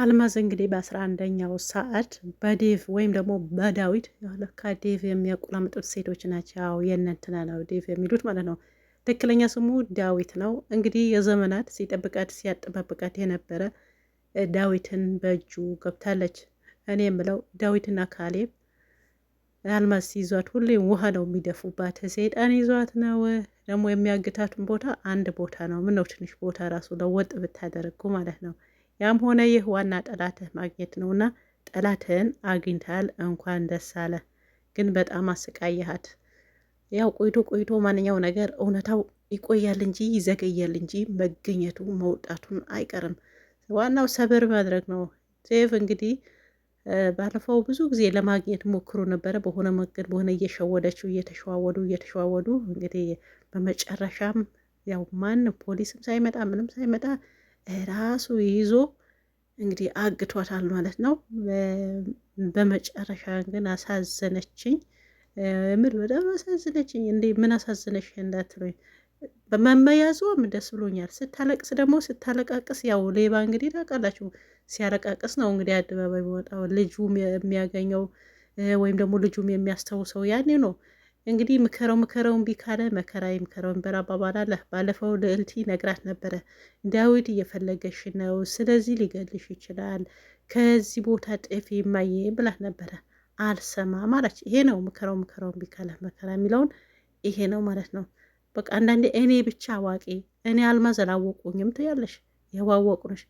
አልማዝ እንግዲህ በአስራ አንደኛው ሰዓት በዴቭ ወይም ደግሞ በዳዊት ለካ ዴቭ የሚያቆላምጡት ሴቶች ናቸው። የእነንትና ነው ዴቭ የሚሉት ማለት ነው። ትክክለኛ ስሙ ዳዊት ነው። እንግዲህ የዘመናት ሲጠብቃት ሲያጠባብቃት የነበረ ዳዊትን በእጁ ገብታለች። እኔ የምለው ዳዊትና ካሌብ አልማዝ ሲይዟት ሁሌም ውሃ ነው የሚደፉባት። ሴጣን ይዟት ነው ደግሞ የሚያግታቱን ቦታ አንድ ቦታ ነው። ምነው ትንሽ ቦታ ራሱ ለወጥ ብታደርጉ ማለት ነው ያም ሆነ ይህ ዋና ጠላትህ ማግኘት ነውና ጠላትህን አግኝታል፣ እንኳን ደስ አለ። ግን በጣም አሰቃየሃት። ያው ቆይቶ ቆይቶ ማንኛው ነገር እውነታው ይቆያል እንጂ ይዘገያል እንጂ መገኘቱ መውጣቱን አይቀርም። ዋናው ሰብር ማድረግ ነው። ሴቭ እንግዲህ ባለፈው ብዙ ጊዜ ለማግኘት ሞክሮ ነበረ። በሆነ መንገድ በሆነ እየሸወደችው እየተሸዋወዱ እየተሸዋወዱ እንግዲህ በመጨረሻም ያው ማን ፖሊስም ሳይመጣ ምንም ሳይመጣ ራሱ ይዞ እንግዲህ አግቷታል ማለት ነው። በመጨረሻ ግን አሳዘነችኝ። ምን በጣም አሳዘነችኝ። እንዴ ምን አሳዘነች እንዳትሉኝ በመመያዙም ደስ ብሎኛል። ስታለቅስ ደግሞ ስታለቃቅስ፣ ያው ሌባ እንግዲህ ታውቃላችሁ፣ ሲያለቃቅስ ነው እንግዲህ አደባባይ በወጣው ልጁም የሚያገኘው ወይም ደግሞ ልጁም የሚያስታውሰው ያኔ ነው። እንግዲህ ምከረው ምከረው እምቢ ካለ መከራ ይምከረው ነበር አባባላለህ። ባለፈው ልዕልቲ ነግራት ነበረ ዳዊት እየፈለገሽ ነው፣ ስለዚህ ሊገልሽ ይችላል፣ ከዚህ ቦታ ጥፊ የማየ ብላት ነበረ። አልሰማ ማለች። ይሄ ነው ምከረው ምከረው እምቢ ካለ መከራ የሚለውን ይሄ ነው ማለት ነው። በቃ አንዳንዴ እኔ ብቻ አዋቂ እኔ አልማዝ አላወቁኝም ትያለሽ። ነሽ።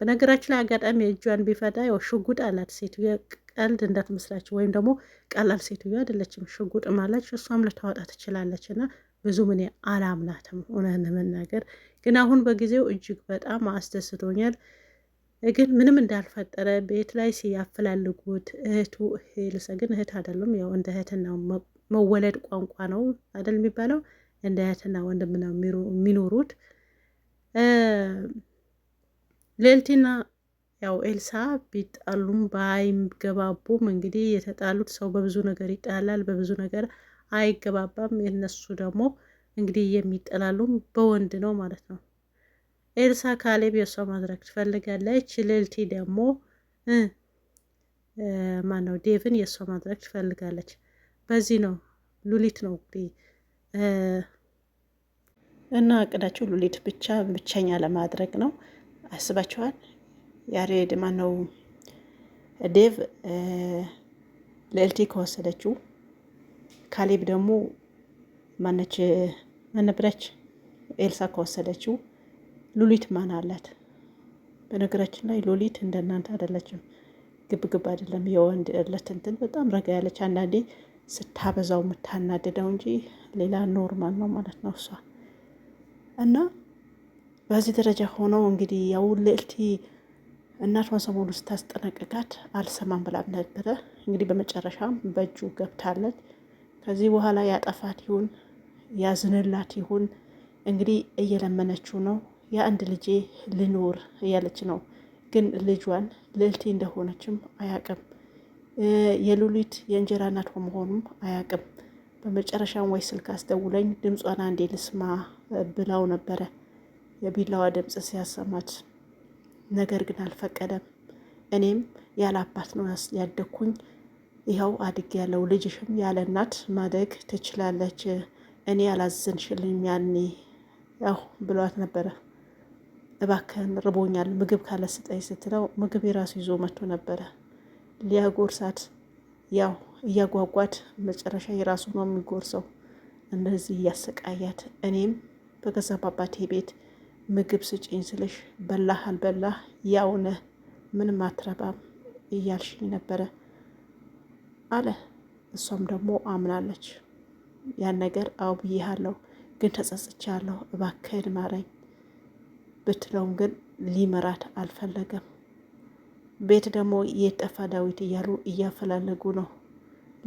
በነገራችን ላይ አጋጣሚ እጇን ቢፈዳ ያው ሽጉጥ አላት ሴትዮዋ። ቀልድ እንዳትመስላችሁ፣ ወይም ደግሞ ቀላል ሴትዮ አይደለችም። ሽጉጥ ማለች እሷም ልታወጣ ትችላለች። እና ብዙ ምን አላምናትም እውነት ለመናገር ግን አሁን በጊዜው እጅግ በጣም አስደስቶኛል። ግን ምንም እንዳልፈጠረ ቤት ላይ ሲያፈላልጉት እህቱ ሄልሰ ግን እህት አይደለም። ያው እንደ እህትና መወለድ ቋንቋ ነው አይደል የሚባለው። እንደ እህትና ወንድም ነው የሚኖሩት። ሉሊትና ያው ኤልሳ ቢጣሉም ባይገባቡም እንግዲህ የተጣሉት ሰው በብዙ ነገር ይጣላል፣ በብዙ ነገር አይገባባም። የነሱ ደግሞ እንግዲህ የሚጠላሉም በወንድ ነው ማለት ነው። ኤልሳ ካሌብ የእሷ ማድረግ ትፈልጋለች። ሉሊቲ ደግሞ ማነው ዴቭን የእሷ ማድረግ ትፈልጋለች። በዚህ ነው ሉሊት ነው እንግዲህ እና እቅዳቸው ሉሊት ብቻ ብቸኛ ለማድረግ ነው። አስባችኋል? ያሬድ ማነው ዴቭ ልዕልቴ ከወሰደችው፣ ካሌብ ደግሞ ማነች መነብረች ኤልሳ ከወሰደችው፣ ሉሊት ማን አላት? በነገራችን ላይ ሉሊት እንደናንተ አይደለችም። ግብግብ አይደለም የወንድ እለት እንትን በጣም ረጋ ያለች አንዳንዴ ስታበዛው የምታናድደው እንጂ ሌላ ኖርማል ነው ማለት ነው እሷ እና በዚህ ደረጃ ሆነው እንግዲህ ያው ልዕልቲ እናቷን ሰሞኑ ስታስጠነቅቃት አልሰማም ብላም ነበረ። እንግዲህ በመጨረሻም በእጁ ገብታለች። ከዚህ በኋላ ያጠፋት ይሁን ያዝንላት ይሁን እንግዲህ እየለመነችው ነው። የአንድ ልጄ ልኖር እያለች ነው። ግን ልጇን ልዕልቲ እንደሆነችም አያቅም። የሉሊት የእንጀራ እናት መሆኑም አያቅም። በመጨረሻም ወይ ስልክ አስደውለኝ ድምጿን አንዴ ልስማ ብላው ነበረ የቢላዋ ድምፅ ሲያሰማች፣ ነገር ግን አልፈቀደም። እኔም ያለ አባት ነው ያደግኩኝ፣ ይኸው አድግ ያለው ልጅሽም ያለ እናት ማደግ ትችላለች፣ እኔ ያላዘንሽልኝ ያኔ ያው ብሏት ነበረ። እባክህን ርቦኛል፣ ምግብ ካለ ስጠኝ ስትለው ምግብ የራሱ ይዞ መጥቶ ነበረ። ሊያጎርሳት ያው እያጓጓት መጨረሻ የራሱ ነው የሚጎርሰው። እንደዚህ እያሰቃያት እኔም በገዛ አባቴ ቤት ምግብ ስጭኝ ስልሽ በላህ አልበላህ ያውነ ምን ምንም አትረባም እያልሽኝ ነበረ አለ። እሷም ደግሞ አምናለች ያን ነገር አው ብዬሃለሁ፣ ግን ተጸጽቻለሁ፣ እባክህን ማረኝ ብትለውም ግን ሊመራት አልፈለገም። ቤት ደግሞ የት ጠፋ ዳዊት እያሉ እያፈላለጉ ነው።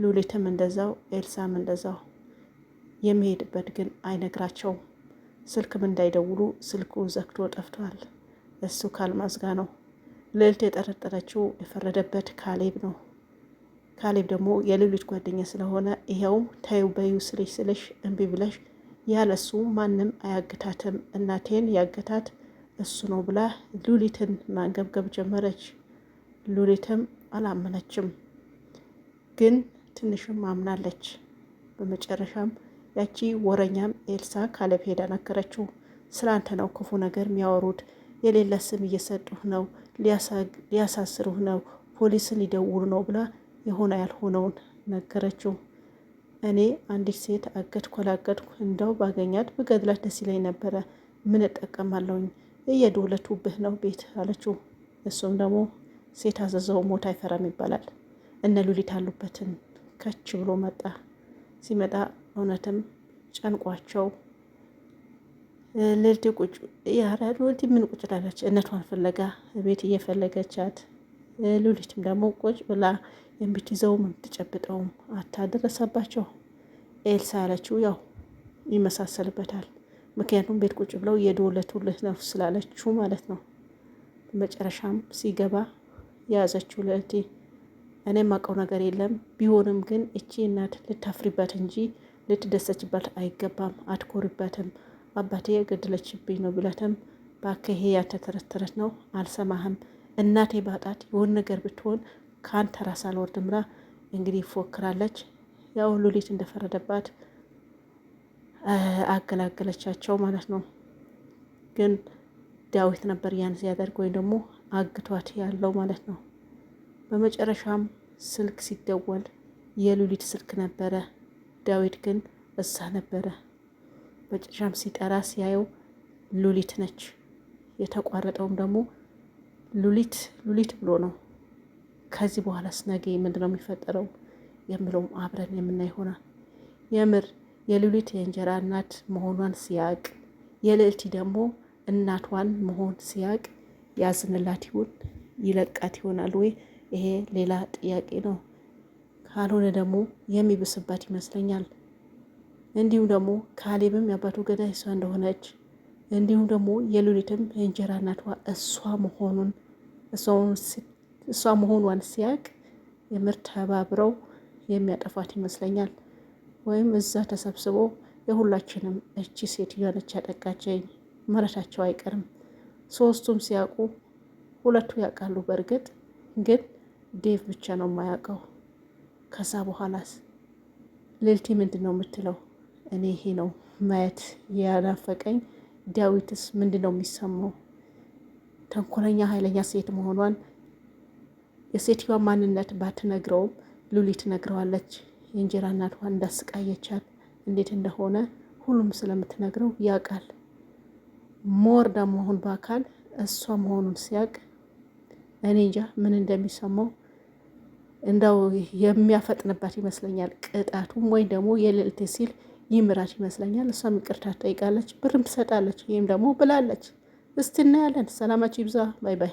ሉሊትም እንደዛው፣ ኤልሳም እንደዛው። የሚሄድበት ግን አይነግራቸውም። ስልክም እንዳይደውሉ ስልኩ ዘግቶ ጠፍቷል። እሱ ካልማዝጋ ጋ ነው። ልዕልት የጠረጠረችው የፈረደበት ካሌብ ነው። ካሌብ ደግሞ የሌሎች ጓደኛ ስለሆነ ይኸውም ታዩ በዩ ስልሽ ስልሽ እምቢ ብለሽ ያለሱ ማንም አያግታትም እናቴን ያገታት እሱ ነው ብላ ሉሊትን ማንገብገብ ጀመረች። ሉሊትም አላመነችም፣ ግን ትንሽም አምናለች። በመጨረሻም ያቺ ወረኛም ኤልሳ ካሌብ ሄዳ ነገረችው። ነው ክፉ ነገር የሚያወሩት፣ የሌላ ስም እየሰጡህ ነው፣ ሊያሳስሩህ ነው፣ ፖሊስን ሊደውሉ ነው ብላ የሆነ ያልሆነውን ነገረችው። እኔ አንዲት ሴት አገድ ኮላገድኩ እንደው ባገኛት ብገድላት ደስ ይለኝ ነበረ። ምን እጠቀማለሁኝ? እየዶለቱብህ ነው ቤት አለችው። እሱም ደግሞ ሴት አዘዘው ሞት አይፈራም ይባላል። እነ ሉሊት አሉበትን ከች ብሎ መጣ። ሲመጣ እውነትም ጨንቋቸው ልልቲ ቁጭ ምን ቁጭ ላለች እነቷን ፍለጋ ቤት እየፈለገቻት ሉሊትም ደግሞ ቁጭ ብላ የምትይዘውም የምትጨብጠውም አታደረሰባቸው። ኤልሳ ያለችው ያው ይመሳሰልበታል። ምክንያቱም ቤት ቁጭ ብለው የደወለቱልህ ነው ስላለችው ማለት ነው። መጨረሻም ሲገባ የያዘችው ልዕልት እኔ የማውቀው ነገር የለም ቢሆንም ግን እቺ እናት ልታፍሪበት እንጂ ልትደሰችበት አይገባም፣ አትኮርበትም አባቴ ገደለችብኝ ነው ብለትም ባከሄ ያተተረተረት ነው አልሰማህም። እናቴ ባጣት የሆን ነገር ብትሆን ከአንተ ራስ አልወርድም ብላ እንግዲህ ይፎክራለች። ያው ሉሊት እንደፈረደባት አገላገለቻቸው ማለት ነው። ግን ዳዊት ነበር ያን ሲያደርግ ወይም ደግሞ አግቷት ያለው ማለት ነው። በመጨረሻም ስልክ ሲደወል የሉሊት ስልክ ነበረ። ዳዊት ግን እዛ ነበረ። በጭሻም ሲጠራ ሲያየው ሉሊት ነች። የተቋረጠውም ደግሞ ሉሊት ሉሊት ብሎ ነው። ከዚህ በኋላስ ነገ ምንድን ነው የሚፈጠረው የምለውም አብረን የምናይ ይሆናል። የምር የሉሊት የእንጀራ እናት መሆኗን ሲያቅ፣ የልዕልቲ ደግሞ እናቷን መሆን ሲያቅ ያዝንላት ይሆን ይለቃት ይሆናል ወይ? ይሄ ሌላ ጥያቄ ነው። ካልሆነ ደግሞ የሚብስበት ይመስለኛል። እንዲሁም ደግሞ ካሌብም የአባቱ ገዳይ እሷ እንደሆነች እንዲሁም ደግሞ የሉሊትም የእንጀራ እናቷ እሷ መሆኑን እሷ መሆኗን ሲያቅ የምር ተባብረው የሚያጠፋት ይመስለኛል። ወይም እዛ ተሰብስቦ የሁላችንም እቺ ሴትዮ ነች ያጠቃቸኝ ማለታቸው አይቀርም። ሶስቱም ሲያውቁ ሁለቱ ያውቃሉ። በእርግጥ ግን ዴቭ ብቻ ነው የማያውቀው። ከዛ በኋላስ ልልቲ ምንድን ነው የምትለው? እኔ ይሄ ነው ማየት ያናፈቀኝ። ዳዊትስ ምንድን ነው የሚሰማው? ተንኮለኛ ኃይለኛ ሴት መሆኗን የሴትዮዋ ማንነት ባትነግረውም ሉሊ ትነግረዋለች። የእንጀራ እናት እንዳስቃየቻት እንዴት እንደሆነ ሁሉም ስለምትነግረው ያውቃል። ሞር መሆን በአካል እሷ መሆኑን ሲያውቅ እኔ እንጃ ምን እንደሚሰማው እንደው የሚያፈጥንበት ይመስለኛል ቅጣቱም፣ ወይ ደግሞ የልዕልት ሲል ይምራት ይመስለኛል። እሷም ይቅርታ ትጠይቃለች፣ ብርም ትሰጣለች፣ ይህም ደግሞ ብላለች። እስቲ እናያለን። ሰላማችሁ ይብዛ። ባይ ባይ።